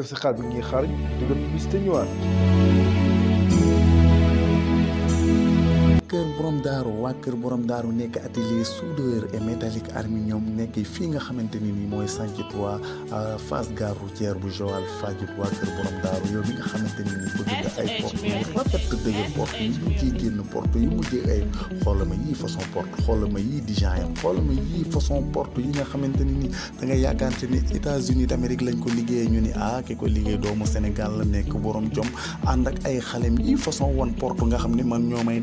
def si xaal bi ñuy xaar ñu dem bis te ñëwaat. borom daaru waa kër borom daaru nekk atelier soudeur et métallique arminium nekk fii nga xamante ni nii mooy Santhiou euh, 3 face gare routière bu Joal Fadiouth waa kër borom daaru yow mi nga xamante ni nii bëgg nga ay porte yu rafet mujjee génn porte yu mujjee ay xoola ma yii façon porte xoola ma yii dijan yam xoola ma yii façon porte yi nga xamante ni nii da nga yaakaante ni États-Unis d'Amérique lañ ko liggéeyee ñu ni ah ki ko liggéey doomu Sénégal la nekk borom jom ànd ak ay xalem yii façon wan porte nga xam ne man ñoo may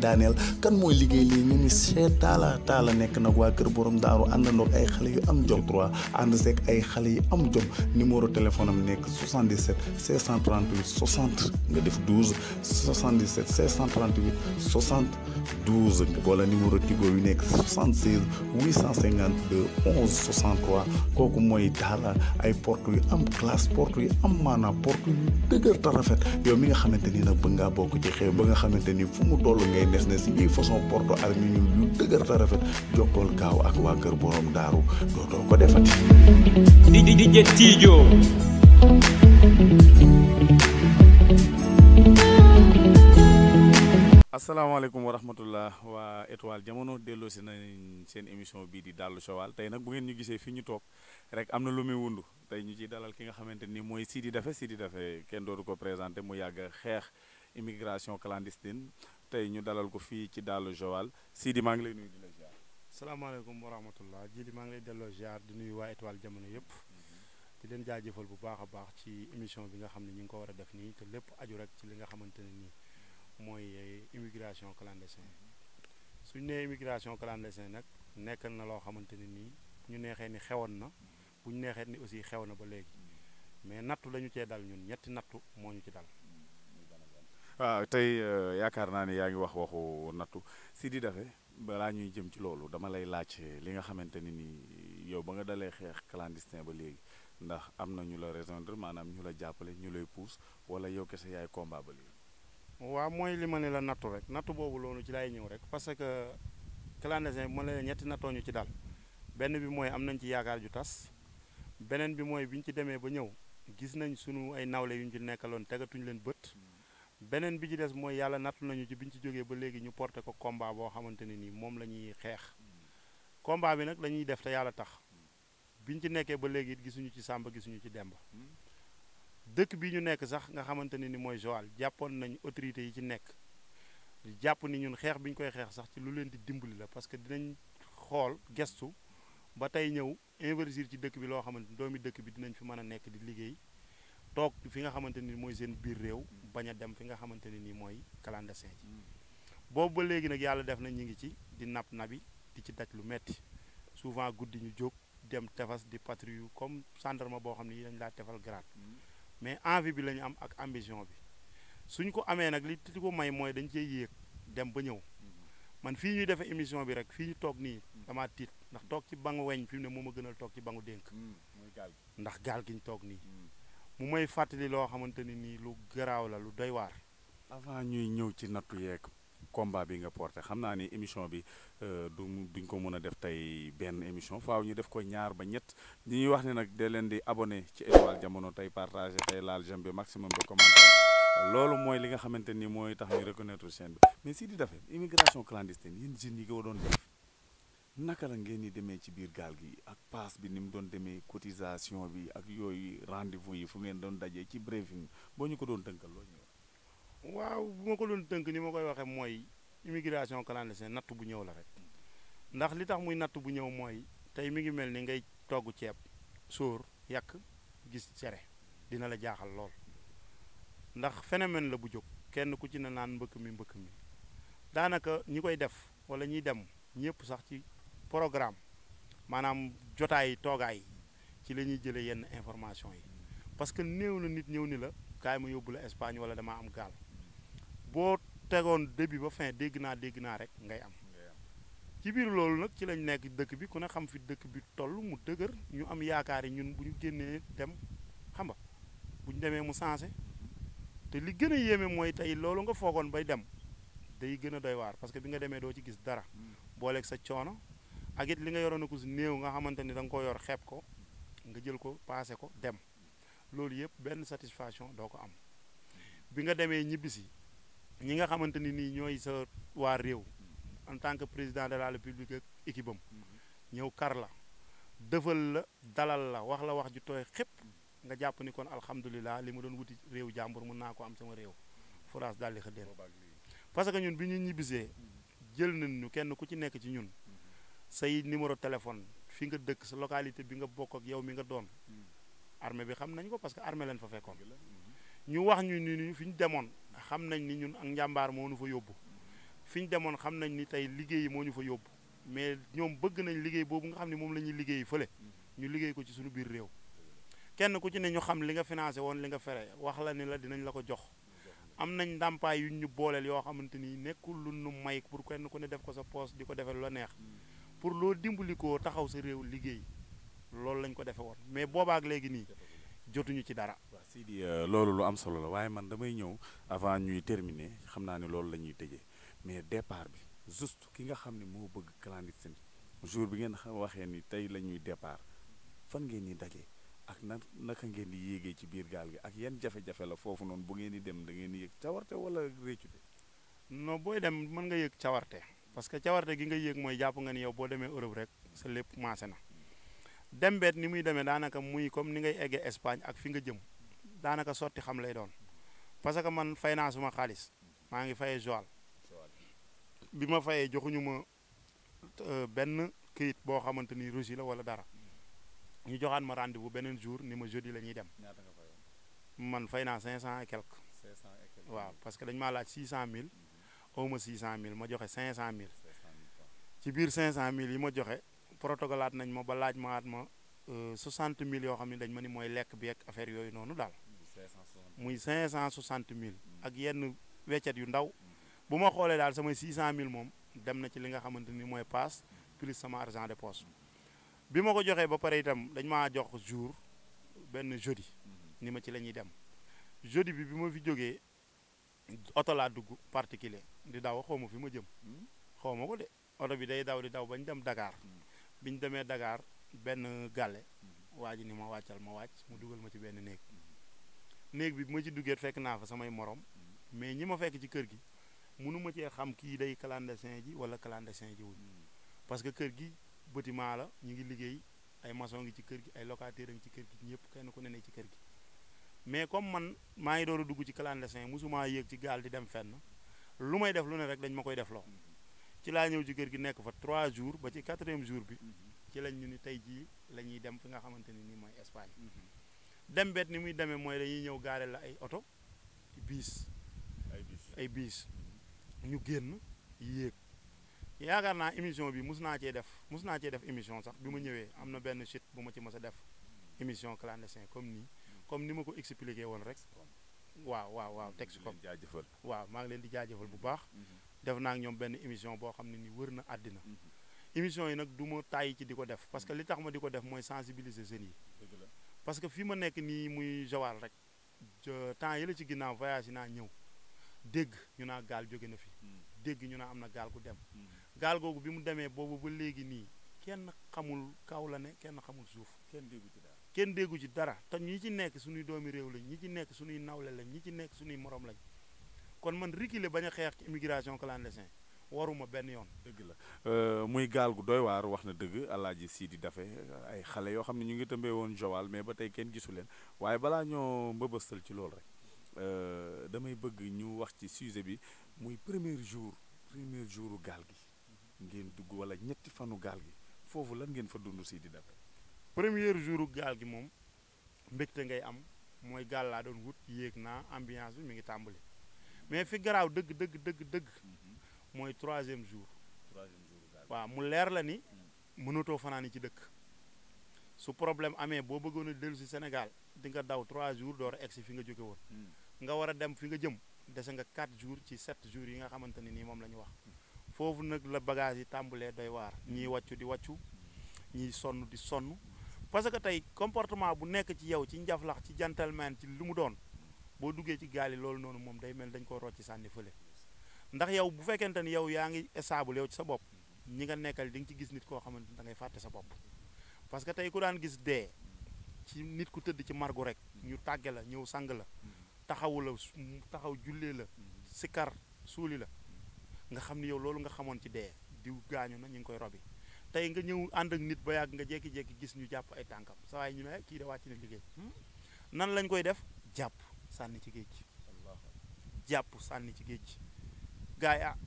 liggéey lii ñu ni seetaala taala nekk nag waa kër borom daaru àndandoog ay xale yu am jom 3 ànd seeg ay xale yu am jom numéro téléphone am nekk 77 638 60 nga def 12 77 638 60 12 wala numéro Tigo yu nekk 76 852 11 63 kooku mooy taala ay porte yu am classe porte yu am maanaam porte yu dëgër ta rafet yow mi nga xamante ni nag bëgg ngaa bokk ci xew ba nga xamante ni fu mu toll ngay nes ne si ñuy façon porte aluminium yu dëgër te rafet jokkool gaaw ak waa kër borom daaru dootoo ko defati. di di di tiijoo asalaamaaleykum wa rahmatullah waa étoile jamono delloo si nañ seen émission bii di Dallu Joal tey nag bu ngeen ñu gisee fi ñu toog rek am na lu muy wundu tey ñu ciy dalal ki nga xamante ni mooy Sidi Daffé Sidi Daffé kenn dootu ko présenté mu yàgg xeex immigration clandestine tey ñu dalal ko fii ci Daalu Joal Sidi maa ngi lay nuyu di la ziar. salaamaaleykum wa maa ngi lay delloo ziar di nuyu waa étoile jamono yëpp. Mm-hmm. di leen jaajëfal bu baax a baax ci émission bi nga xam ne ñu ngi ko war a def nii te lépp aju rek ci li nga xamante ne nii mooy immigration clandestine mm-hmm. suñ nee immigration clandestine nag nekk na loo xamante ne nii ñu neexee ni xewoon na mm-hmm. bu ñu neexee ni aussi xew na ba léegi mais nattu la ñu cee dal ñun ñetti nattu moo ñu ci dal. waaw tey euh, yaakaar naa ne yaa ngi wax waxu nattu si di dafe balaa ñuy jëm ci loolu dama lay laaj euh, li nga xamante ni nii yow ba nga dalee xeex clandestin ba léegi ndax am na ñu la rejoindre maanaam ñu la jàppale ñu lay puus wala yow kese yaay combat ba léegi. waaw mooy li ma ne la nattu rek nattu boobu loolu ci laay ñëw rek parce que clandestin bi ma la ñetti nattoo ñu ci dal benn bi mooy am nañ ci yaakaar ju tas beneen bi mooy bi ñu ci demee ba ñëw gis nañ sunu ay nawle yu ñu ci nekkaloon tegatuñ leen bët. beneen bi ci des mooy yàlla nattu nañu ci biñ ci jógee ba léegi ñu porté ko combat boo xamante ne nii moom la ñuy xeex hmm. combat bi nag lañuy def te yàlla tax biñ ci nekkee ba léegi gisuñu ci sàmba gisuñu ci Demba hmm. dëkk bi ñu nekk sax nga xamante ne ni mooy Joal jàppoon nañ autorité yi ci nekk jàpp ni ñun xeex bi ñu koy xeex sax ci lu leen di dimbali la parce que dinañ xool gestu ba tey ñëw investir ci dëkk bi loo xamante ni doomi dëkk bi dinañ fi mën a nekk di liggéey toog fi nga xamante ni mooy seen biir réew mm. bañ a dem fi nga xamante ne nii mooy clandestin ji mm. boobu ba léegi nag yàlla def na ñu ngi ci di napp nabi di ci daj lu metti souvent guddi ñu jóg dem tefas di patrouille comme gendarme boo xam ne yi dañ laa tefal grade mm. mais envie bi la ñu am ak ambition bi suñ ko amee nag li ti ko may mooy dañ cee yéeg dem ba ñëw mm-hmm. man fii ñuy defee émission bi rek fii ñu toog nii dama tiit ndax toog ci bangu weñ fi mu ne moom a gënal toog ci bangu dénk ndax gaal gi toog nii mu may fàttali loo xamante ni lu graw la lu doy war avant ñuy ñëw ci nattu yek combat bi nga porté xamna ni émission bi euh duñ ko mëna def tay ben émission faaw ñu def ko ñaar ba ñet ñi ñuy wax ni nak dee len di abonné ci étoile jamono tay partager tay laal j'aime bi maximum de commentaire lolu moy li nga xamanteni moy tax ñu reconnaître seen bi mais si di defee immigration clandestine yeen jeunes yi nga doon def. naka la ngeen di demee ci biir gaal gi ak paas bi ni mu doon demee cotisation bi ak yooyu rendez-vous yi fu ngeen doon dajee ci briefing boo ñu ko doon tënkal loo ñëw waaw bu ma ko doon dënk ni ma koy waxee mooy immigration seen natt bu ñëw la rek ndax li tax muy natt bu ñëw mooy tey mi ngi mel ni ngay togg ceeb sóor yàq gis cere dina la jaaxal lool ndax phénomène la bu jóg kenn ku ci ne naan mbëkk mi mbëkk mi daanaka ñi koy def wala ñiy dem ñëpp sax ci programme maanaam jotaay toogaay ci la ñuy jëlee yenn information yi parce que néew na nit ñëw ni la kaay ma yóbbu la Espagne wala damaa am gaal boo tegoon début ba fin dégg naa dégg naa rek ngay am ci biir loolu nag ci lañ nekk dëkk bi ku ne xam fi dëkk bi toll mu dëgër ñu am yaakaar yi ñun bu ñu génnee dem xam nga bu ñu demee mu changé te li gën a yéeme mooy tey loolu nga foogoon bay dem day gën a doy waar parce que bi nga demee doo ci gis dara hmm. booleeg sa coono ak it li nga yoroon ko si néew nga xamante ni da ko yor xeeb ko nga jël ko paase ko dem loolu yëpp benn satisfaction doo ko am bi nga demee ñibbisi ñi nga xamante ni nii ñooy sa waa réew en tant que président de la république ak équipe ñëw kar la dëfal la dalal la wax la wax ju tooy xépp nga jàpp ni kon alhamdulilah li ma doon wuti réew jàmbur mun naa ko am sama réew France daal di xëddeen parce que ñun bi ñu ñibbisee jël nañ ñu kenn ku ci nekk ci ñun say numéro téléphone fi nga dëkk sa localité bi nga bokk ak yow mi nga doon hmm. armée bi xam nañ ko parce que armée leen fa fekkoon hmm. ñu wax ñu ni ñu fi ñu demoon xam nañ ni ñun ak njàmbaar moo ñu fa yóbbu hmm. fi ñu demoon xam nañ ni tey liggéey moo ñu fa yóbbu mais ñoom bëgg nañ liggéey boobu nga xam ne moom la ñuy liggéey fële ñu liggéey ko ci suñu biir réew kenn ku ci ne ñu xam li nga financé woon li nga fere wax la ni la dinañ la ko jox am nañ ndàmpaay yu ñu booleel yoo xamante ni nekkul lu nu may pour kenn ku ne def ko sa poos di ko defee lu la neex pour loo dimbali ko taxaw sa réew liggéey loolu lañ ko defe woon mais boobaak léegi nii jotuñu ci dara. waaw Sidi euh, loolu lu am solo la waaye man damay ñëw avant ñuy terminer xam naa ne loolu la ñuy tëjee mais départ bi juste ki nga xam ne moo bëgg clandestin jour bi ngeen waxee ni tey lañuy ñuy départ fan ngeen daje ak na naka ngeen di yéegee ci biir gaal gi ak yan jafe-jafe la foofu noonu bu ngeen di dem da ngeen di yëg cawarte wala réccute non booy dem mën nga yëg cawarte. parce que cawarte gi nga yéeg moy japp nga ni yow bo demee Europe rek sa lepp massé na dem bet ni muy demee danaka muy comme ni ngay égué Espagne ak fi nga jëm danaka sotti xam lay doon parce que man finance ma suma ma ngi fayé Joal bima fayé fayee joxuñu ma euh, benn këyit boo ni la wala dara ñu joxaat ma rendez-vous benen jour ni ma jeudi lañuy dem man 500 et quelques 500 et quelques waaw parce que dañ ma laaj 600000 aw ma 600000 ma joxe 500000. ci biir cinq 500000 yi ma joxe protocolaat nañ ma ba laaj ma at ma euh, mille yoo xam ne dañ ma ni mooy lekk bi ak affaire yooyu noonu daal. muy mille ak yenn weccet yu ndaw. bu ma xoolee daal samay mille moom dem na ci li nga xamante ni mooy paas plus sama argent de poche bi ma ko joxee ba pare itam dañ maa jox jour benn jeudi ni ma ci la ñuy dem jeudi bi bi ma fi jógee oto laa dugg particulier di daw xaw ma fi ma jëm. Hmm? xaw ma ko de oto bi day daw di daw bañ dem Dakar hmm. biñ demee dakaar benn gàlle hmm. waa ji ni ma wàccal ma wàcc mu dugal ma ci benn néeg néeg bi bu ma ci duggee fekk naa fa samay morom mais ñi ma fekk ci kër gi mënu ma cee xam kii day clandestin ji wala clandestin ji wuñ parce que kër gi bâtiment la ñu ngi liggéey ay maçon ngi ci kër gi ay locataire ngi ci kër gi ñëpp kenn ku ne ne ci kër gi mais comme man maa ngi door a dugg ci clandestin mosumaa yéeg ci gaal di dem fenn lu may def lu ne rek dañ ma koy def loo ci laa ñëw ci kër gi nekk fa trois jours ba ci quatrième jour bi ci lañ ñu ni tey jii la ñuy dem fi nga xamante ni nii mooy Espagne dem bet ni muy demee mooy dañuy ñëw gaare la ay oto biis ay biis ñu génn yéeg yaakaar naa émission bi mus naa cee def mus naa cee def émission sax bi ma ñëwee am na benn chute bu ma ci mës a def émission clandestin comme nii comme ni ma ko expliqué woon rek waaw waaw waaw Texcom jaajëfal waaw maa ngi leen di jaajëfal bu baax mhm. def naa ñoom benn émission boo xam ne ni wër na àddina mhm. émission yi nag du ma tàyyi ci di ko def parce que mhm. li tax ma di ko def mooy sensibiliser jeunes yi parce que fi ma nekk nii muy Joal rek temps yi la ci ginnaaw voyage yi naa ñëw dégg ñu naa gaal jóge na fi dégg ñu naa am na gaal gu dem gaal googu bi mu demee boobu ba léegi nii kenn xamul kaw la ne kenn xamul suuf kenn déggu ci kenn déggu ci dara te ñi ci nekk suñuy doomi réew lañ ñi ci nekk suñuy nawle lañ ñi ci nekk suñuy moroom lañ kon man reculer bañ a xeex ci immigration clandestine waruma benn yoon. dëgg la euh, muy gaal gu doy waar wax na dëgg Alaaji Sidi Dafe ay xale yoo xam ne ñu ngi tëmbee woon Joal mais ba tey kenn gisu leen waaye balaa ñoo mbëbëstal ci loolu rek euh, damay bëgg ñu wax ci sujet bi muy premier jour premier jouru gaal gi mm-hmm. ngeen dugg wala ñetti fanu gaal gi foofu lan ngeen fa dund sii di Dafe. premier jour gal gi mom mbekté ngay am moy gal la doon wut yek na ambiance bi mi ngi tambalé mais fi graw deug deug deug deug moy mhm. 3e jour 3e jour wa mu lèr la ni mhm. mënoto fanani ci deuk su problème amé bo bëggoon a ci Sénégal di nga daw 3 jours door ex fi nga jóge woon mhm. nga wara dem fi nga jëm dese nga 4 jours ci 7 jours yi nga xamanteni ni mom lañu wax fofu nak la bagage yi tambulé doy war ñi waccu di waccu ñi sonu di sonu parce que tey comportement bu nekk ci yow ci njaflax ci gentleman ci lu mu doon boo duggee ci gaal yi loolu noonu moom day mel dañ ko ci sànni fële ndax yow bu fekkente ni yow yaa ngi estable yow ci sa bopp ñi nga nekkal di nga ci gis nit koo xamante da dangay fàtte sa bopp parce que tey ku daan gis dee ci nit ku tëdd ci margo rek ñu tàgge la ñëw sang la taxawu la taxaw jullee la sikar suuli la nga xam ni yow loolu nga xamoon ci dee diw gaañu na ñu ngi koy robi tay nga ñew and ak nit ba yag nga jékki-jékki gis ñu japp ay tankam sa way ñu ne eh, ki da wacc na liggéey hmm? nan lañ koy def japp sànni ci géej japp sànni ci géej gaay a ah,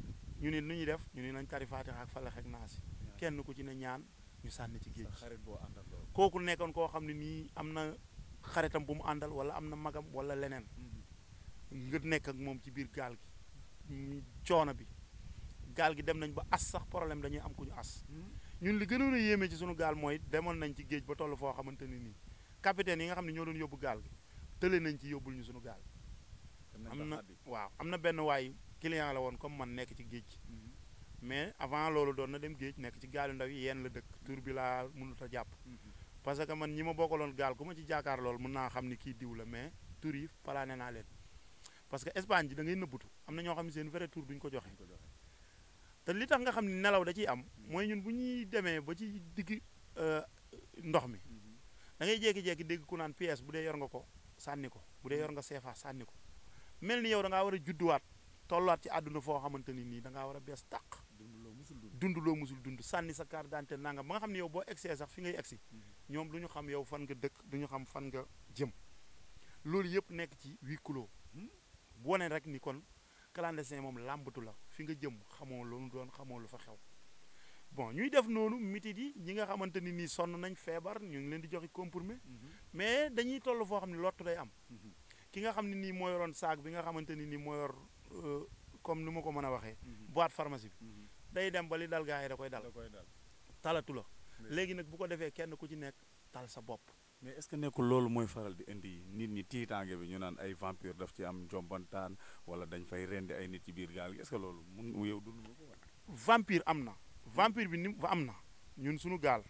ñu ne nu ñuy def ñu ne nañ tari faatixa ak falax ak naasi kenn ku ci ne ñaan ñu sànni ci géej kooku nekkoon koku nekkon ko xamni ni amna xaritam bu mu andal wala amna magam wala leneen mm-hmm. nga nekk ak mom ci bir gal gi coono bi gal gi dem nañ ba as sax problème dañuy am ku ñu as mm-hmm. ñun li gënoon yéeme ci sunu gaal mooy demoon nañ ci géej ba toll foo xamante ni nii capitaine yi nga xam ne ñoo doon yóbbu gaal gi tële nañ ci yóbbul ñu sunu gaal am na waaw am na benn waay client la woon comme man nekk ci géej mm-hmm. mais avant loolu doon na dem géej nekk ci gaal yu ndaw yi la dëkk mm-hmm. tur bi laa mënut a jàpp mm-hmm. parce que man ñi ma bokkaloon gaal ku ma ci jaakaar loolu mën naa xam ni kii diw la mais tur yi falaane naa leen parce que Espagne ji da ngay nëbbutu am na ñoo xam ne seen vrai tour duñ ko joxe li tax nga xam ne nelaw da ciy am mooy ñun bu ñuy demee ba ci digg euh, ndox mi mm-hmm. da ngay jékki dégg ku naan pièce bu dee yor nga ko sànni ko bu dee yor nga seefa sànni ko mel ni yow da ngaa war a judduwaat tolluwaat ci àdduna foo xamante ni nii da ngaa war a bees tàq dundu loo musul dund sànni sa carte d'identité nangam ba nga xam ne yow boo egsee sax fi ngay egsi mm-hmm. ñoom lu ñu xam yow fan nga dëkk du ñu xam fan nga jëm loolu yëpp nekk ci huis clos bu hmm? rek ni kon clandestin mom lambatu la fi nga jëm xamoo lu doon xamoo lu fa xew bon ñuy def noonu miti yi ñi nga xamanteni ni nii sonn nañ feebar ñu ngi leen di joxe comprimé mhm. mais dañuy toll foo xam ne lott day am mhm. ki nga xam ne nii moo yoroon saag bi nga xamanteni ni nii moo yor euh, comme ni ma ko mën a waxee mhm. boîte pharmacie bi day dem ba li dal gaa yi da koy dal talatu la léegi nag bu ko defee kenn ku ci nekk tal sa bopp mais est-ce que nekkul loolu mooy faral di indi nit ñi tiitaange bi ñu naan ay vampire daf ci am njombantaan wala dañ fay rendi ay nit ci biir gaal gi est loolu mun yow dund nga ko wala am na vampire bi ni am na ñun suñu gaal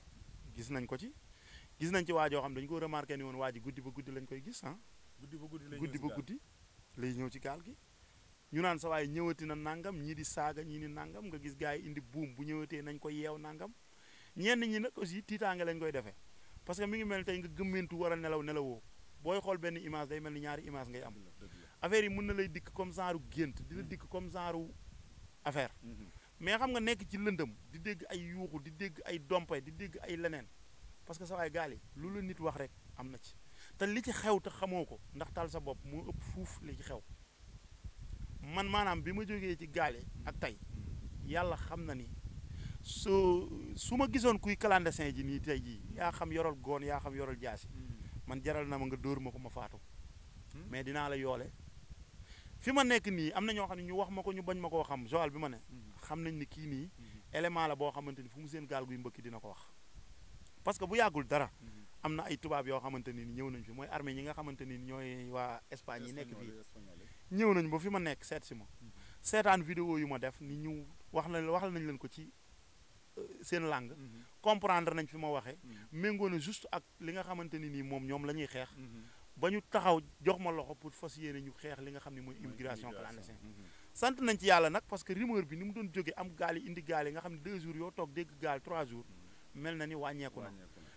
gis nañ ko ci gis nañ ci waa joo xam dañu ko remarqué ni woon waa ji guddi ba guddi lañ koy gis ah guddi ba guddi guddi ba guddi lay ñëw ci gaal gi ñu naan sa waaye ñëwati na nangam ñii di saaga ñii ni nangam nga gis gaa yi indi buum bu ñëwatee nañ ko yeew nangam ñenn ñi nag aussi tiitaange lañ koy defee parce que mi ngi mel tey nga gëmmentu war a nelaw nelawoo booy xool benn image day mel ni ñaari image ngay am affaire yi mën na lay dikk comme genre gént di la mm-hmm. dikk comme saaru affaire mm-hmm. mais xam nga nekk ci lëndëm di dégg ay yuuxu di dégg ay dompay di dégg ay leneen parce que sa waay gaal lu la nit wax rek am na ci te li ci xew te xamoo ko ndax tal sa bopp moo ëpp fuuf li ci xew man maanaam bi ma jógee ci gaale ak tey mm-hmm. yàlla xam na ni su su ma gisoon kuy clandestin ji nii tey jii yaa xam yoral goon yaa xam yoral jaasi hmm. man jaral na ma nga dóor ma ko ma faatu hmm? mais dinaa la yoole fi ma nekk nii am na ñoo xam ne ñu wax ma ko ñu bañ ma koo xam Joal bi ma ne hmm. xam nañ ni kii nii élément la boo xamante ni fu mu seen gaal guy mbëkki dina ko wax parce que bu yàggul dara am na ay tubaab yoo xamante ni ñëw nañ fi mooy armée ñi nga xamante ni ñooy waa Espagne yi nekk fii ñëw nañ ba fi ma nekk seet si ma seetaan vidéo yu wax la wax nañ leen ko ci seen langue. Mhm. comprendre nañ fi ma waxee. Mhm. méngoo na juste ak li nga xamante ni nii moom ñoom la ñuy xeex. Mhm. ba ñu taxaw jox ma loxo pour fas yéene ñu xeex li nga xam ne mooy immigration clandestine. sant nañ ci yàlla nag parce que rumeur bi ni mu doon jógee am gaal yi indi gaal yi nga xam ne deux jours yoo toog dégg gaal trois jours mel na ni wàññeeku na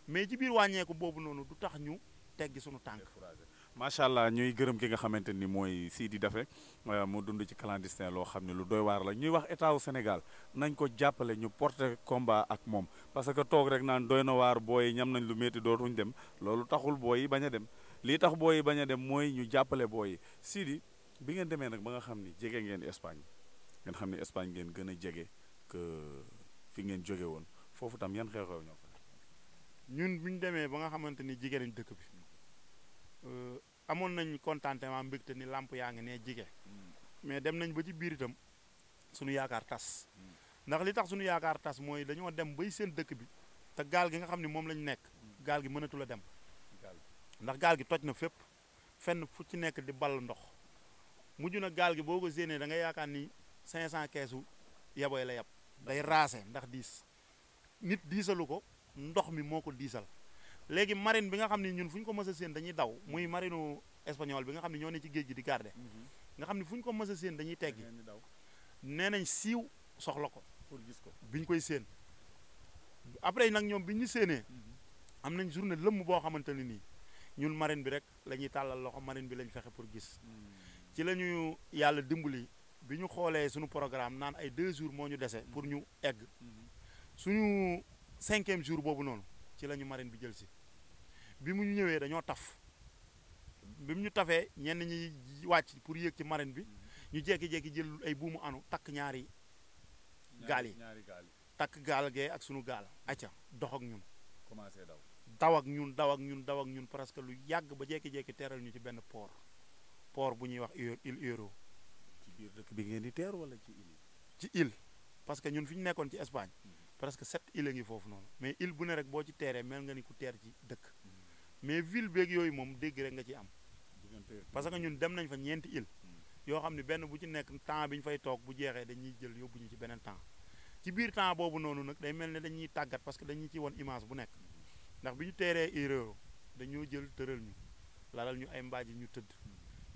mais ci biir wàññeeku boobu noonu du tax ñu teggi suñu tànk. macha allah ñuy gërëm ki nga xamante ni mooy Sidi Dafe euh, mu dund ci clandestin loo xam ne lu doy waar la ñuy wax état wu Sénégal nañ ko jàppale ñu porter combat ak moom parce que toog rek naa naan doy na waar booy ñam nañ lu métti dootuñ dem loolu taxul booy yi bañ a dem lii tax booy yi bañ a dem mooy ñu jàppale booy yi bi ngeen demee nag ba nga xam ni jege ngeen Espagne ngeen xam ne Espagne ngeen gën a jege que fi ngeen jóge woon foofu tam yan xew-xew ñoo ñun bu demee ba nga xamante ni jigéen dëkk bi. Euh, amon nañ contentement mbekté ni lampe yaa ngi nee jige mm. mais dem nañ ba ci biir itam suñu yaakaar tas mm. ndax li tax suñu yaakaar tas moy dañoo dem bay seen dëkk bi té gal gi nga xamni mom lañ nekk mm. gal gi mëna tula dem ndax gal gi toj na fépp fenn fu ci nekk di ball ndox muju na gal gi boko zéné da nga yaakaar ni 500 keesu yaboy la yab day rasé ndax 10 nit diisalu ko ndox mi moko ko diisal léegi marine bi nga xamni ñun fuñ ko mësa seen dañuy daw muy marinu espagnol bi nga xamni ñoo ne ci geej gi di garde mhm. nga xamni fuñ ko mësa seen dañuy teggi nenañ siiw soxla ko pour gis ko biñ koy seen après nak ñom biñu seené mhm. am nañ journée lëmm bo xamanteni ni ñun marine bi rek lañuy talal loxo marine bi lañ fexé pour gis mhm. ci lañu yalla dimbali biñu xolé suñu programme nan ay 2 jours moñu déssé pour ñu egg suñu 5e jour bobu ci lañu marine bi jël si bi mu ñëwé dañoo taf bi mu ñu tafee ñenn ñi wacc pour yéeg ci marine bi ñu jéki jéki jël ay buumu anu tak ñaari gal yi tak gal ge ak suñu gal acca dox ak ñun commencé daw daw ak ñun daw ak ñun daw ak ñun presque lu yagg ba jéki jéki téral ñu ci benn port port bu ñuy wax il Euro ci biir dëkk bi ngeen di téer wala ci île ci île parce que ñun fiñ nekkon ci Espagne mm-hmm. parce que sept îles a ngi foofu noonu mais île bu ne rek boo ci teeree mel nga ni ku teer ci dëkk mais ville beeg yooyu moom dégg rek nga ci am parce que ñun dem nañ fa ñeenti île hmm. yoo xam ne benn bu ci nekk temps bi ñu fay toog bu jeexee dañuy jël yóbbu ñu ci beneen temps ci biir temps boobu noonu nag day mel ne dañuy tàggat parce que dañu ci won image bu nekk ndax bi ñu teeree erreur dañoo jël tëral ñu lalal ñu ay mbaaji ñu tëdd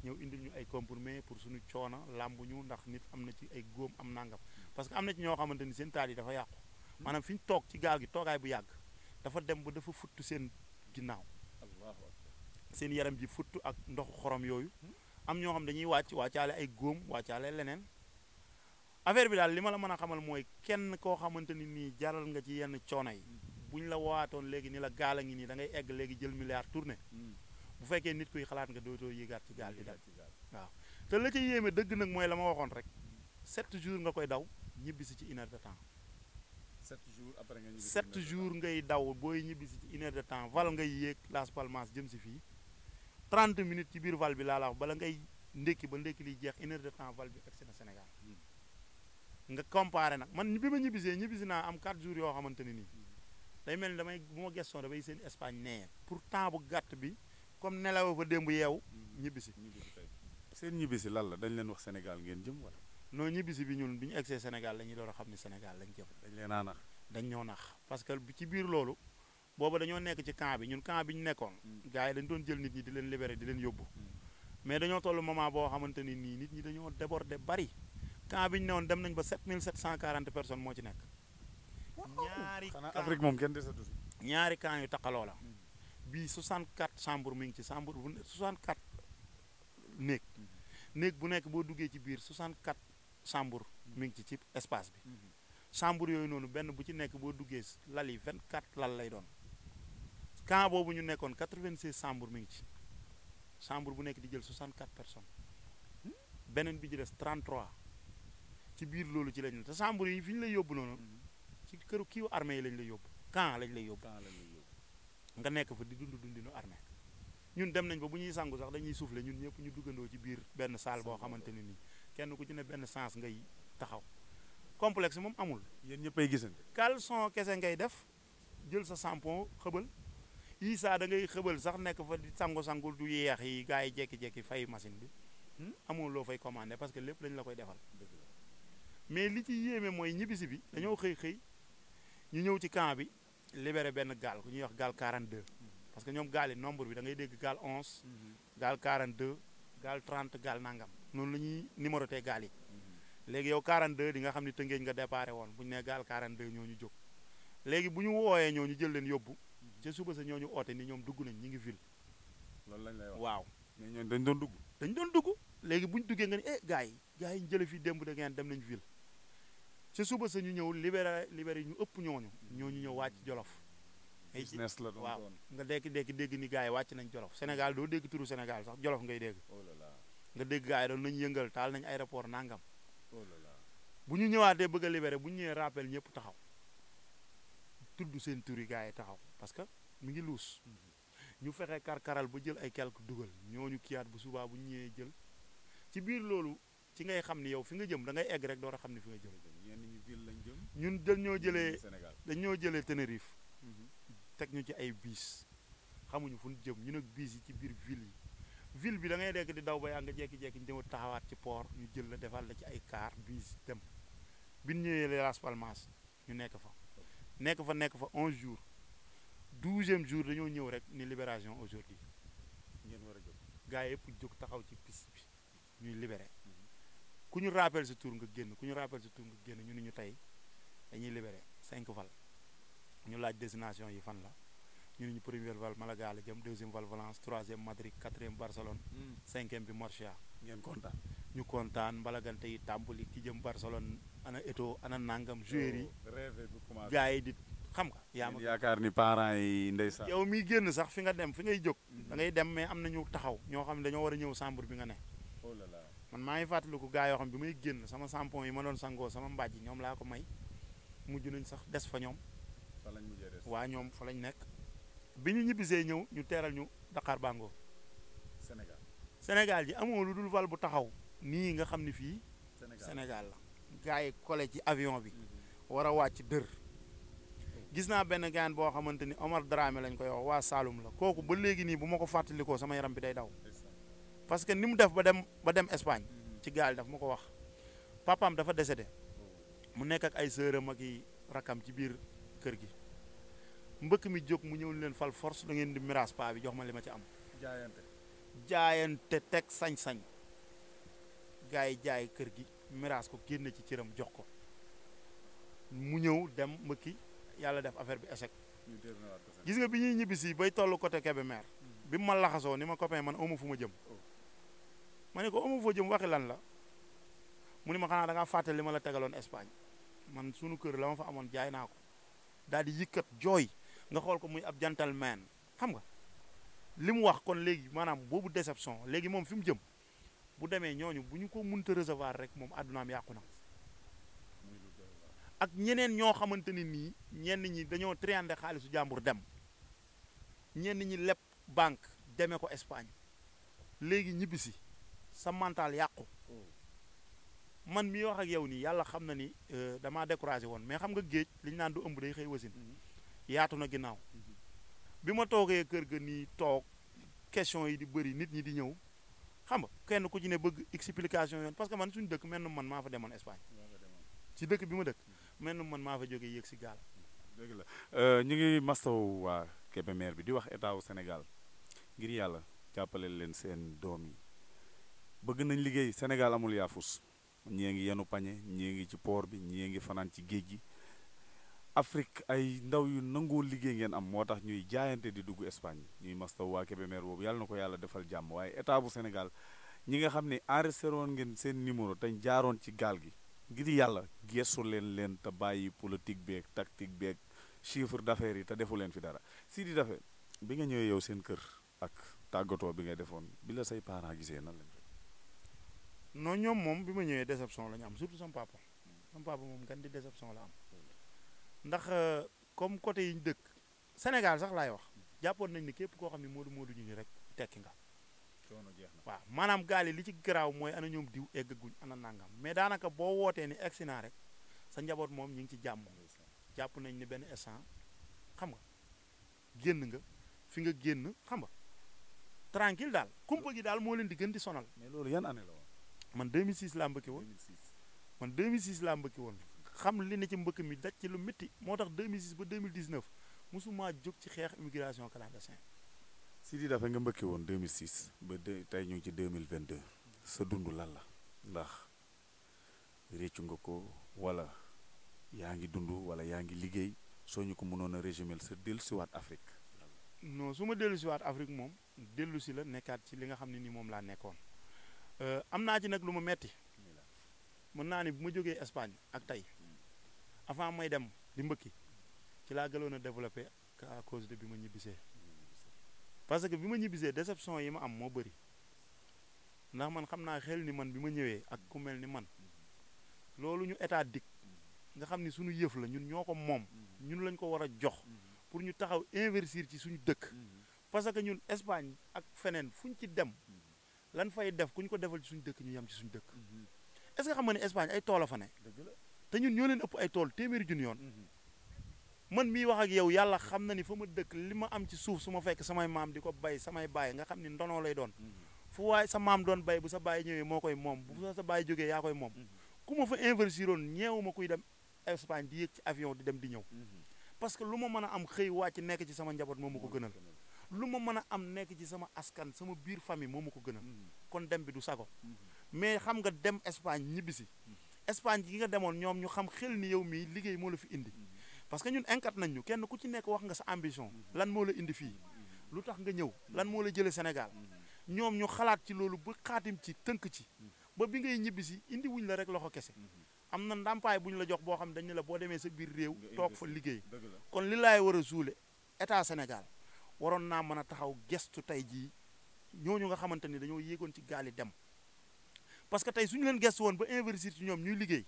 ñëw indil ñu ay comprimés pour suñu coono làmb ñu ndax nit am na ci ay góom am nangam parce que am na ñoo xamante ni seen taal yi dafa yàqu maanaam fi ñu toog ci gaal gi toogaay bu yàgg dafa dem ba dafa futt seen ginnaaw seen yaram ji futt ak ndoxu xorom yooyu am ñoo xam dañuy wàcc wàccaale ay góom wàccaale leneen affaire bi daal li ma la mën a xamal mooy kenn koo xamante ni nii jaral nga ci yenn coono yi mm-hmm. bu ñu la waatoon léegi nii la gaal ngi nii da ngay egg léegi jël milliard tourné mm-hmm. bu fekkee nit kuy xalaat nga dootoo yéegaat ci gaal gi daal waaw te la ca yéeme dëgg nag mooy la ma waxoon rek sept jours nga koy daw ñibbisi ci une temps sept jours après nga ñibbi sept jours ngay daw booy ñibbi si une heure de temps val ngay yéeg Las Palmas jëm si fii trente minutes ci biir val bi laa la bala ngay ndékki ba ndékki liy jeex une heure de temps val bi agsi na Sénégal hmm. nga comparé nag man bi ma ñibbisee ñibbisi naa am quatre jour yoo xamante ne nii hmm. day mel ni damay bu ma gestoon damay seen Espagne nee pour temps bu gàtt bi comme nelaw fa démb yeew hmm. ñibbisi. ñibbisi tey seen ñibbisi lan la dañ leen wax Sénégal ngeen jëm wala. non ñibbisi bi ñun bi ñu egsee Sénégal la ñuy door a xam ni Sénégal lañ jëm. dañ leen a nax dañ ñoo nax parce que ci biir loolu booba dañoo nekk ci camp bi ñun camp bi ñu nekkoon. Mm. gars yi dañ doon jël nit ñi di leen libéré di leen yóbbu. Mm. mais dañoo toll moment boo xamante ni nii nit ñi dañoo débordé bari camp bi ñu newoon dem nañ ba 7740 personnes moo ci nekk. ñaari camp xanaa Afrique moom kenn desatu ñaari camp yu taqaloo la. Mm. bii 64 chambre mi ngi ci chambre bu 64 néeg. néeg bu nekk boo duggee ci biir 64. chambre mi ngi ci ci espace bi chambre mhm. yooyu noonu benn bu ci nekk boo duggee lal yi vingt quatre lal lay doon camp boobu ñu nekkoon quatre vingt mi ngi ci chambre bu nekk di jël soixante quatre personnes beneen bi ci des trente trois ci biir loolu ci lañ te chambre yi fi ñu lay yóbbu noonu mhm. ci këru kiiw armee yi lañ lay yóbbu camp lañ lay yóbbu nga nekk fa di dund nu armée ñun dem nañ ba bu ñuy sangu sax dañuy soufflé ñun ñëpp ñu duggandoo ci biir benn salle boo xamante ne nii kenn ku ci ne benn sens ngay taxaw complexe moom amul. yéen ñëppay gisante. calson kese ngay def jël sa sampon xëbal isa da ngay xëbal sax nekk fa di sangu sangul du yeex yi gars yi jekki jékki fay machine bi hmm? amul loo fay commandé parce que lépp dañ la koy defal. mais li ci yéeme mooy ñibisi bi dañoo xëy xëy ñu ñëw ci camp bi libéré benn gaal ku ñuy wax gaal 42. Hmm. parce que ñoom gaal yi nombre bi da ngay dégg gaal 11. Hmm. gaal 42. gaal 30 gaal nangam noonu la ñuy numéroté gaal yi léegi yow 42 di nga xam ni tëngéej nga déparé woon bu ñu nee gaal 42 ñoo ñu jóg léegi bu ñu wooyee ñoo ñu jël leen yóbbu ca suba sa ñoo ñu ootee ni ñoom dugg nañ ñi ngi ville. loolu lañ lay waaw. mais ñoom dañ doon dugg. dañ doon dugg léegi bu ñu duggee nga ni eh gars yi gars yi ñu jëlee fii démb da ngeen dem nañu ville ca suba sa ñu ñëw libéré libéré ñu ëpp ñooñu ñoo ñu ñëw wàcc Jolof business la doon waaw nga dekki-dekki dégg ni gars yi wàcc nañ jolof Sénégal doo dégg turu Sénégal sax jolof ngay dégg oh nga dégg gars yi doon nañ yëngal taal nañ aéroport nangam oh bu ñu ñëwaatee bëgg a libéré bu ñu ñëwee rappel ñëpp taxaw tudd seen tur yi gars taxaw parce que mi ngi luus mhm. ñu fexe karkaral ba jël ay quelque dugal ñooñu kiyaat bu subaa bu ñu ñëwee jël ci biir loolu ci ngay xam ni yow fi nga jëm da ngay egg rek door a ni fi nga jëm ñun jël ñoo jëlee teg ñu ci ay biis xamuñu fu ñu jëm ñu nag biis yi ci biir ville yi ville bi da ngay dekk di daw ba yaa nga jekki-jekki ñu jëm taxawaat ci port ñu jël la defal la ci ay kaar biis dem biñ ñëwee Las Palmas ñu nekk fa nekk fa nekk fa 11 jours douzième jours dañoo ñëw rek ni libération aujourd'hui ngeen war a jóg gars yi yëpp jóg taxaw ci piste bi ñuy libéré ku ñu rappel sa tour nga génn ku ñu rappel sa tour nga génn ñu ni ñu tey dañuy libéré cinq val ñu laaj destination yi fan la ñu ne ñu première val Malaga la jëm deuxième val Valence troisième Madrid quatrième Barcelone. Hmm. cinquième bi Murcia. ngeen kontaan ñu kontaan mbalagante yi tàmbali ki jëm Barcelone ana Eto'o ana nangam joueur yi. gars yi di xam nga. yaa ma yaakaar ni parents yi ndeysaan yow miy génn sax fi nga dem fi ngay jóg. Hmm. da ngay dem mais am na ñu taxaw ñoo xam ne dañoo war a ñëw chambre bi nga ne. Oh man maa ngi fàttaliku gars yoo xam bi may génn sama sampon yi ma doon sangoo sama mbàjj ñoom laa ko may mujj nañ sax des waa ñoom fa lañ nekk bi ñu ñibbisee ñëw ñu teeral ñu Dakar Bango senegal Sénégal ji amoo lu dul val bu taxaw nii nga xam ni fii senegal la gars yi collé ci avion bi mhm. war a wàcc dër gis naa benn gaan boo xamante ni Omar Dramé lañ koy wax waa Saalum la kooku ba léegi nii bu ma ko fàttalikoo sama yaram bi day daw parce que ni mu def ba dem ba dem Espagne mhm. ci gaal daf ma ko wax papaam dafa décédé oh. mu nekk ak ay sëram ak i rakkam ci biir kër gi mbeuk mi jog mu ñew leen fal force da ngeen di mirage pa bi jox ma lima ci am. jaayante jaayante tek sañ-sañ gaay jaay kër gi mirage ko génne ci ciiram jox ko mu ñew dem mbeuki yalla def affaire bi échec. gis nga bi ñuy ñibbisi bay toll côté Kébémer. Mm. bi ma laxaso ni ma copain man omu fu ma jëm. Oh. mané ko omu fa jëm waxi lan la mu ni ma xana da nga faté lima la Espagne man sunu kër la ma fa amon jaay naa ko di yëkkat joy nga xool ko muy ab gentleman xam nga li mu wax kon léegi maanaam boobu déception léegi moom fi mu jëm bu demee ñooñu bu ñu ko mënta recevoir rek moom àddunaam yàqu na ak ñeneen ñoo xamante ni nii ñenn ñi dañoo triande xaalisu jàmbur dem ñenn ñi leb banque demee ko Espagne léegi ñibbisi sa mental yàqu man mi wax ak yow nii yàlla xam na ni euh, damaa découragé woon mais xam nga géej li ñu naan du ëmb day xëy wasin mm-hmm. yaatu na ginnaaw bi ma toogee kër ga nii toog question yi di bëri nit ñi di ñëw xam nga kenn ku ci ne bëgg explication yoon parce que man suñu dëkk mel na man maa fa demoon Espagne ci dëkk bi ma dëkk mel na man maa fa jógee yéeg si gaal. dëgg la euh, ñu ngi mastaw waa Kébémer bi di wax état au Sénégal ngir yàlla jàppale leen seen doom yi bëgg nañ liggéey Sénégal amul yaafus ñii ngi yenu pañe ñii ngi ci port bi ñii ngi fanaan ci géej gi. Afrique ay ndaw yu nangoo liggéey ngeen am moo tax ñuy jaayante di dugg Espagne ñuy mastaw waa Kébémer boobu yàlla na ko yàlla defal jàmm waaye état bu Sénégal ñi nga xam ne enregistré ngeen seen numéro te jaaroon ci gaal gi ngi ngir yàlla geesu leen leen te bàyyi politique beeg tactique beeg chiffre d'affaires yi te defu leen fi dara si di dafe bi nga ñëwee yow seen kër ak tàggatoo bi nga defoon bila la say parents gisee nan lañ non ñoom moom bi ma ñëwee déception la ñu am surtout sama papa sama papa moom gan la ndax euh, comme côté yi ñu dëkk Sénégal sax laay wax jàppoon nañ ni képp koo xam ne moodu moodu ñu ni rek tekki nga waaw maanaam gaal li ci garaaw mooy ana ñoom diw eggaguñ ana nangam mais daanaka boo wootee ni egsi naa rek sa njaboot moom ñu ngi ci jàmm jàpp nañ ni benn instant xam nga génn nga fi nga génn xam nga tranquille daal kumpa gi daal moo leen di gën di sonal. mais loolu yan année la woon. man 2006 laa mbëkki woon. 2006 man 2006 laa mbëkki woon. xam li ne ci mbëkk mi daj ci lu métti moo tax 2006 ba 2019 mosuma jóg ci xeex immigration clandestine. Sidi dafa nga mbëkki woon 2006 ba tey ñu ngi ci 2022 sa dundu lan la ndax réccu nga ko walla yaa ngi dund wala yaa ngi liggéey soo ñu ko mënoon a résumer sa dellusiwaat Afrique. non su ma dellu dellusiwaat Afrique moom dellusi la nekkaat ci li nga xam ne nii moom laa nekkoon euh, am naa ci nag lu ma metti mën naa ne bu ma jógee Espagne ak tey. avant may dem di mbëkki ci laa gëloon a développé à de bi ma ñibbisee parce que bi ma ñibbisee déception yi ma am moo bëri ndax man xam naa xel ni man bi ma ñëwee ak ku mel ni man loolu ñu état dik nga xam ni suñu yëf la ñun ñoo ko moom ñun lañ ko war a jox pour ñu taxaw investir ci suñu dëkk parce que ñun Espagne ak feneen fu ñu ci dem lan fay def ku ñu ko defal ci suñu dëkk ñu yem ci suñu dëkk est-ce xam nga ne Espagne ay tool a fa ne te ñun ñoo leen ëpp ay tool téeméeri junni yoon man mii wax ak yow yàlla xam na ni fa ma dëkk li ma am ci suuf su ma fekk samay maam di ko bay samay baay nga xam ni ndonoo lay doon fu waaye sa maam doon bay bu sa baay ñëwee moo koy moom bu sa baay jógee yaa koy moom ku ma fa investir woon ñeewu ma kuy dem Espagne di yéeg ci avion di dem di ñëw parce que lu ma mën a am xëy wàcc nekk ci sama njaboot moom ma ko gënal lu ma mën a am nekk ci sama askan sama biir famille moo ma ko gënal kon dem bi du sago mais xam nga dem Espagne ñibbisi Espagne gi nga demoon ñoom ñu xam xel ni yow mii liggéey moo la fi indi parce que ñun inkat nañ ñu kenn ku ci nekk wax nga sa ambition lan moo la indi fii lu tax nga ñëw lan moo la jëlee Sénégal ñoom ñu xalaat ci loolu ba xaatim ci tënk ci ba bi ngay ñibbi si indi wuñ la rek loxo kese am na ndàmpaay bu ñu la jox boo xam ne dañu la boo demee sa biir réew toog fa liggéey kon li laay war a suule état Sénégal waroon naa mën a taxaw gestu tey jii ñooñu nga xamante ni dañoo yéegoon ci gaali dem parce que tey suñu leen gëstu woon ba investir ci ñoom ñuy liggéey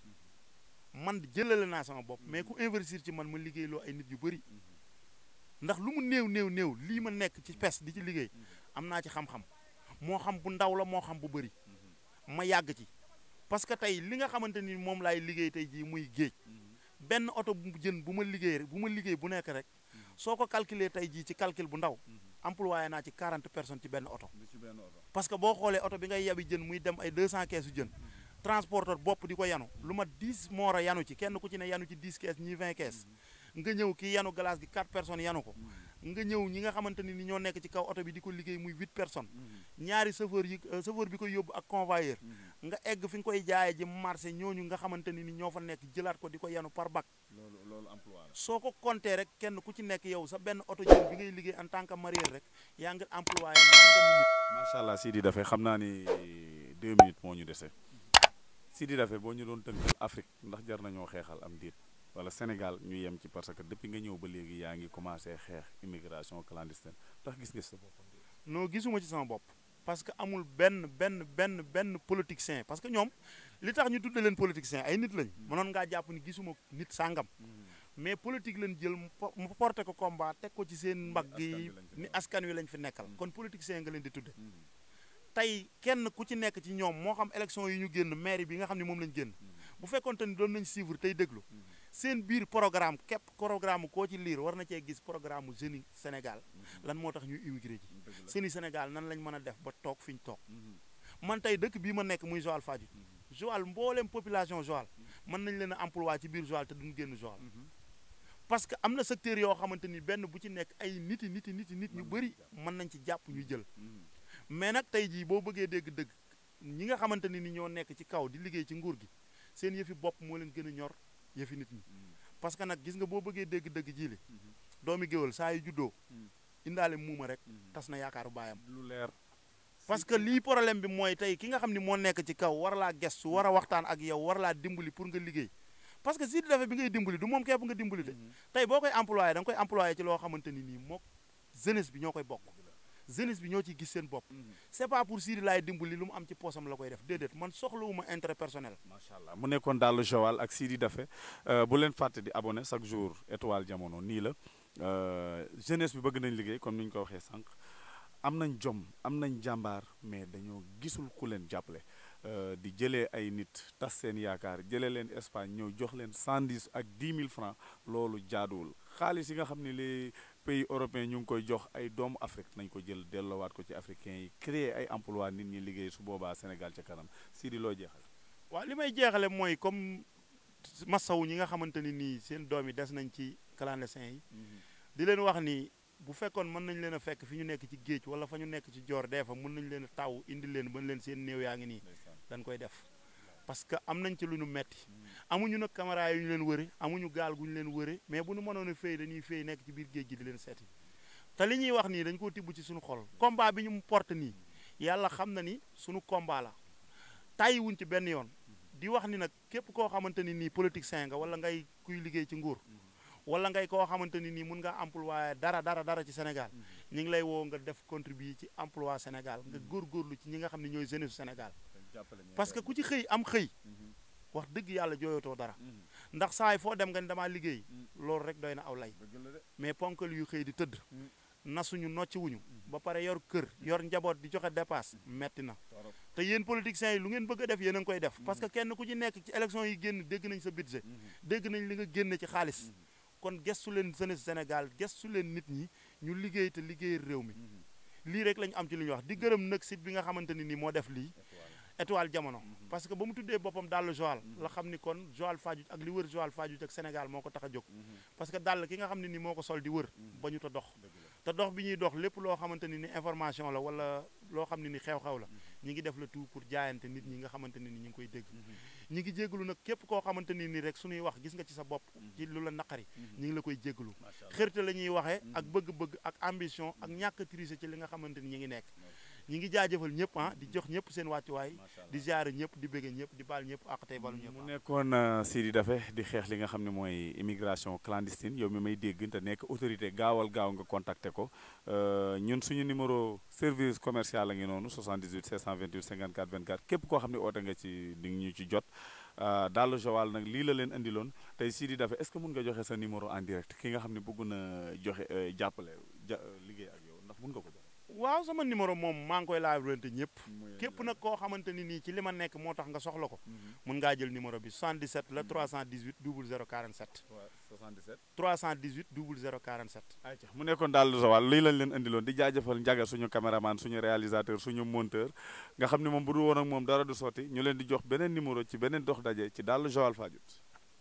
mhm. man jëlale naa sama bopp mais mhm. ku investir ci man ma liggéey loo ay nit yu bëri mhm. ndax lu mu néew néew néew lii ma nekk ci pes di ci liggéey am naa ci xam-xam moo xam bu ndaw la moo xam bu bëri ma yàgg ci parce que tey li nga xamante ni moom laay liggéey tey jii muy géej benn oto bu jën bu ma liggéey bu ma liggéey bu nekk rek soo ko calculer tey jii ci calcul bu ndaw employé naa ci 40 personnes ci benn oto. ci benn oto parce que boo xoolee oto bi ngay yabi jën muy dem ay 200 keesu jën. Mm-hmm. transporteur bopp di ko yanu lu ma 10 moora yanu ci kenn ku ci ne yanu ci 10 kees ñii 20 kees. Mm-hmm. nga ñëw kii yanu glace gi 4 personnes yanu ko. Mm-hmm. nga ñëw ñi nga xamante ni ñoo nekk ci kaw oto bi di ko liggéey muy huit personnes mm-hmm. ñaari chauffeur yi euh, chauffeur bi koy yóbbu ak convoyeur mm-hmm. nga egg fi nga koy jaayee ji marché ñooñu nga xamante ni ñoo fa nekk jëlaat ko di ko yanu par bac loolu emploi la soo ko compté rek kenn ku ci nekk yow sa benn oto jën bi ngay liggéey en tant que marier rek yaa ngi employé macha allah di Dafé xam naa ni deux minutes moo ñu dese si di Dafé boo ñu doon tënkal Afrique ndax jar nañoo xeexal am diit wala Sénégal ñu yem ci parce que depuis nga ñëw ba léegi yaa ngi commencé xeex immigration clandestine tax gis nga ci sa bopp. noo gisuma ci sama bopp parce que amul benn benn benn benn politicien parce que ñoom li tax ñu tuddee leen politicien ay nit lañ. mënoon ngaa jàpp ni gisuma nit sàngam. Mm-hmm. mais politique lañ jël mu porté ko combat teg ko ci seen mbagg yi ni askan wi lañ fi nekkal mm-hmm. kon politicien nga leen di tudde mm-hmm. tey kenn ku ci nekk ci ñoom moo xam élection yi ñu génn maire bi nga xam ne moom lañ génn bu fekkoonte ni doon nañ suivre tey déglu seen bir programme képp programme koo ci liir war na cee gis programme jeune Senegal, Sénégal mhm. lan moo tax ñuy immigré ji jeunes Sénégal nan lañ mën a def ba toog fiñ ñu toog mhm. man tey dëkk bii ma nekk muy Joal Fadiouth mhm. Joal mbooleem population Joal mën nañ leen a emploi ci biir Joal te duñ génn Joal parce que am na secteur yoo xamante ni benn bu ci nekk ay niti niti niti nit ñu bëri mën nañ ci jàpp ñu jël mais nag tey jii boo bëggee dégg dëgg ñi nga xamante ni ñoo nekk ci kaw di liggéey ci nguur gi seen yëfi bopp moo leen gën ñor yëfi nit ñi mm. parce que nag gis nga boo bëggee dégg dëgg ji li mm-hmm. doomi géwél saa yu juddoo mm. indaale muuma rek mm-hmm. tas na yaakaaru baayam lu leer parce que lii problème bi mooy tey ki nga xam ni moo nekk ci kaw war laa gestu war a waxtaan ak yow war laa dimbali pour nga liggéey parce que si bi ngay dimbali du moom képp nga dimbali de mm-hmm. tey boo koy employé da nga koy employé ci loo xamante ni nii mook jeunesse bi ñoo koy bokk jeunesse bi ñoo ci gis seen bopp. Mhm. c'est pas pour lay laay li lu mu am ci posam la koy def dedet man soxlawuma intérêt personnel. machallah mu nekkon dal jowal ak Sidi Dafe euh, bu len faté di abonné chaque jour étoile jamono ni la euh, jeunesse bi bëgg nañ liggéey comme niñ ko waxé sank am nañ jom am nañ jambar mais dañoo gisul ku leen jàppale. Euh, di jëlé ay nit tas seen yaakar jëlé len Espagne ñoo jox len 110 dix ak 10000 mille francs lolu jaadul xaalis yi nga xamni li pays européen ñu ngi koy jox ay doomu Afrique nañ ko jël delloowaat ko ci africain yi créer ay emploi nit ñi liggéey su boobaa Sénégal ca kanam Sidi loo jeexale waaw li may jeexale mooy comme massaw ñi nga xamante ni nii seen doom yi des nañ ci clandestin yi mhm. di leen wax ni bu fekkoon mën nañ leen a fekk fi ñu nekk ci géej wala fa ñu nekk ci joor dee fa mën nañ leen taw indi leen mën leen seen néew yaa ngi nii dañ koy def parce que am nañ ci lu ñu metti hmm. amuñu nag caméra yu ñu leen wëre amuñu gaal gu ñu leen wëre mais bu ñu mënoon a féey dañuy féey nekk ci biir géej gi di leen seeti te li ñuy wax nii dañ koo tibb ci suñu xol combat bi ñu porte nii yàlla xam na ni suñu combat la tàyyi ci benn yoon hmm. di wax ni nag képp koo xamante ni nii politicien nga wala ngay kuy liggéey ci nguur hmm. wala ngay koo xamante ni nii mun nga emploi dara dara dara ci Sénégal ñu ngi lay woo nga def contribuer ci emploi Sénégal nga góorgóorlu ci ñi nga xam ne ñooy jeunesse Sénégal parce que ku ci xëy am xëy mm-hmm. wax dëgg yàlla jooyatoo dara mm-hmm. ndax saay foo dem nga ni damaa liggéey mm-hmm. loolu rek doy na aw lay mais ponk yu xëy di tëdd nasuñu nocc wuñu ba pare yor kër yor njaboot di joxe dépasse metti na te yéen politiciens yi lu ngeen bëgg a def yéen a koy def parce que kenn ku ci nekk ci élection yi génn dégg nañ sa budget dégg nañ li nga génne ci xaalis kon gestu leen jeunesse Sénégal gestu leen nit ñi ñu liggéey te liggéey réew mi lii rek lañ am ci lu ñuy wax di gërëm nag site bi nga xamante ni nii moo def lii étoile jamono mhm. parce que bamu tuddé bopam dal dàll Joal mhm. la xamni ni kon Joal Fadiouth ak li wër Joal Fadiouth ak Sénégal moko taxa jog mhm. parce que dal ki nga xamni ni moko sol di wër bañu ta dox ta dox biñuy dox lepp lo xamanteni ni information la wala lo xamni ni xew-xew la ñi ngi def le tout pour jaayante nit ñi nga xamanteni ni ñi ngi koy dégg ñi ngi jéglu nak képp ko xamanteni ni ni rek suñuy wax gis nga ci sa bop ci lu la nakari ñi ngi la koy jéglu xërte lañuy waxé ak bëgg-bëgg ak ambition ak ñaak triser ci li nga xamanteni ñi ngi nekk ñi ngi jaajëfal ñëpp ah di jox ñëpp seen wàccuwaay di ziare ñëpp di bëgge ñëpp di baal ñëpp ak tey balu ñëpp mu nekkoon euh, Sidi Daffé di xeex li nga xam ne mooy immigration clandestine yow mi may dégg te nekk autorité gaawal gaaw nga contacter ko euh, ñun suñu numéro service commercial a ngi noonu 78 728 54 24 képp koo xam ne oote nga ci di ñu ci jot euh, Daalu Joal nag lii la leen indiloon tey Sidi Daffé est-ce que mun nga joxe sa numéro en direct ki nga xam ne bëgg na joxe jàppale liggéey ak yow ndax mun nga ko waaw sama numéro moom maa ngi koy laabrante ñëpp képp nag koo xamante ni nii ci li ma nekk moo tax nga soxla ko mhm. mun ngaa jël numéro bi 77 la 318 00 47 77 318 00 47 ayca mu nekkoon daal lu sa wàll lii lañ leen indiloon di jaajëfal njaga suñu caméraman suñu réalisateur suñu monteur nga xam ne moom bu dul moom dara du sotti ñu leen di jox beneen numéro ci beneen dox daje ci Dallu Joal Fadiouth